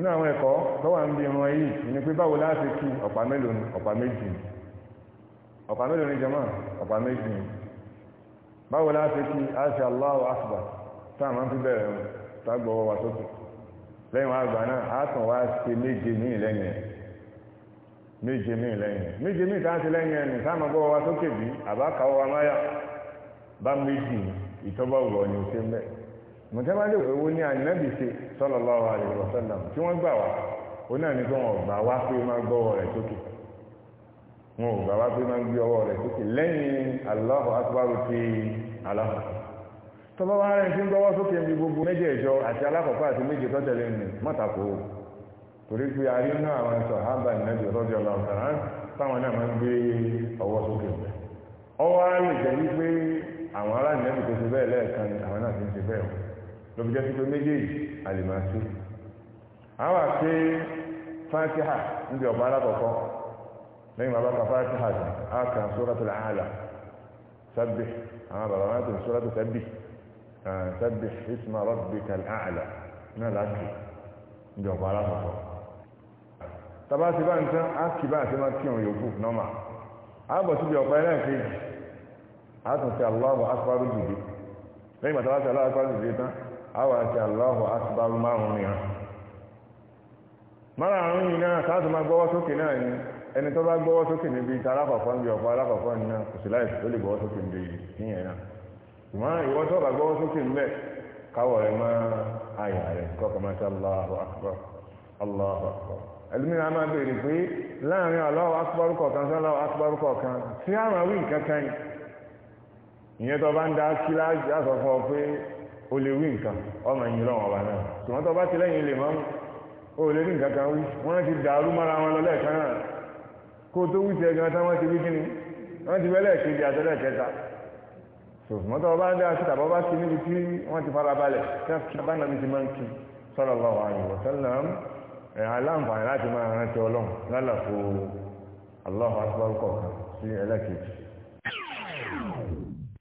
nínú àwọn ẹ̀kọ́ lọ́wọ́ ń bí irun ẹ̀yí ni pé báwo láti kí ọ̀pá mélòó ni ọ̀pá méjì ọ̀pá mélòó ni jàmá ọ̀pá méjì báwo láti kí aṣe Allahu Akbar táà máa bẹ̀rẹ̀ tágbọ̀wọ́ wa sókè lẹ́yìn àgbà náà a tàn wá meje méje míì meje ẹ̀ méje míì lẹ́yìn ẹ̀ méje míì lẹ́yìn gbọ́wọ́ sókè mọ̀tẹ́bálẹ̀ òwò ní ànábì ṣe sallallahu alaihi wasallam tí wọ́n gbà wá ó náà ní kí wọ́n gbà wá pé máa gbọ́ ọwọ́ rẹ̀ sókè wọn ò gbà wá pé máa gbé ọwọ́ rẹ̀ sókè lẹ́yìn Allahu akbar ti Allahu tọ́lọ́ wá rẹ̀ tí ń gbọ́wọ́ sókè ní gbogbo mẹ́jẹ̀ẹ̀jọ àti alákọ̀ọ́kọ́ àti méje tọ́tẹ̀lẹ̀ ní mọ́tàkó torí pé a rí náà àwọn ẹ̀sọ̀ hábà ìnájọ rọ́jọ́ lọ́sàrá táwọn náà máa ń gbé ọwọ́ sókè rẹ̀ ọwọ́ á lè jẹ́ wípé àwọn ará ìnájọ tó ṣe bẹ́ẹ̀ lẹ́ẹ̀kan àwọn náà ti ń ṣe bẹ́ẹ̀ lọ́bi jẹ́ pípé méjèèjì àlèmásí àwọn àti fatiha níbi ọ̀pá alákọ̀ọ́kọ́ lẹ́yìn bàbá kan fatiha jù á kan suratul ala sábì àwọn bàbá máa tó sórà tó sábì sábì isma rabbikal a'la náà láti níbi ọ̀pá alákọ̀ọ́kọ́ tàbá ti bá ń tán á kì bá àti máa kírun yòókù nọ́mà á bọ̀ síbi ọ̀pá ẹlẹ́ẹ̀kejì á tún fi Allahu akbar dìde àwọn àti Allahu márùn-ún mìíràn mara ún yìí náà sáàtù máa gbọ́wọ́ sókè náà ni ẹni tó bá gbọ́wọ́ sókè níbi ìta alákọ̀ọ́kọ́ níbi ọ̀pọ̀ alákọ̀ọ́kọ́ ní náà kò sí láì ló lè gbọ́wọ́ sókè níbi ìyẹn náà ka Allahu Allahu nìkan ọmọ ẹ̀yìn lọ́wọ́ ọba náà ṣùgbọ́n tó bá ti lẹ́yìn lè máa ń ó lè ní nǹkan kan wí wọ́n ti dàrú mọ́ra wọn lọ lẹ́ẹ̀kan náà kó tó wí tiẹ̀ gan tán wọ́n ti wí kíni wọ́n ti wẹ́lẹ̀ kejì àtẹ́lẹ̀ kẹta ṣùgbọ́n tó bá dá sí tàbọ́ bá ti níbi tí wọ́n ti fara balẹ̀ tí wọ́n bá ti máa ń kí sallallahu alaihi wasallam aláǹfààní láti